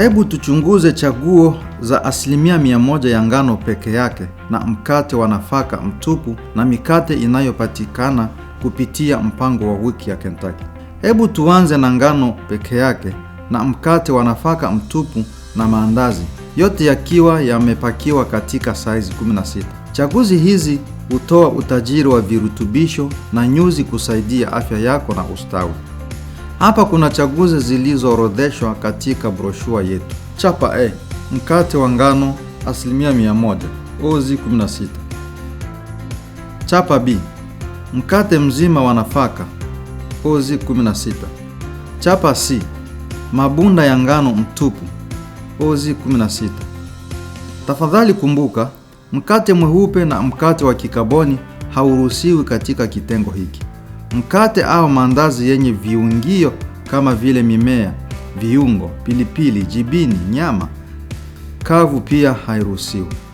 Hebu tuchunguze chaguo za asilimia mia moja ya ngano peke yake na mkate wa nafaka mtupu na mikate inayopatikana kupitia mpango wa wiki ya Kentucky. Hebu tuanze na ngano peke yake na mkate wa nafaka mtupu na maandazi, yote yakiwa yamepakiwa katika saizi 16. Chaguzi hizi hutoa utajiri wa virutubisho na nyuzi kusaidia afya yako na ustawi. Hapa kuna chaguzi zilizoorodheshwa katika broshua yetu. Chapa A: mkate wa ngano asilimia 100, ozi 16. Chapa B: mkate mzima wa nafaka, ozi 16. Chapa C: mabunda ya ngano mtupu, ozi 16. Tafadhali kumbuka, mkate mweupe na mkate wa kikaboni hauruhusiwi katika kitengo hiki. Mkate au maandazi yenye viungio kama vile mimea, viungo, pilipili, jibini, nyama kavu pia hairuhusiwi.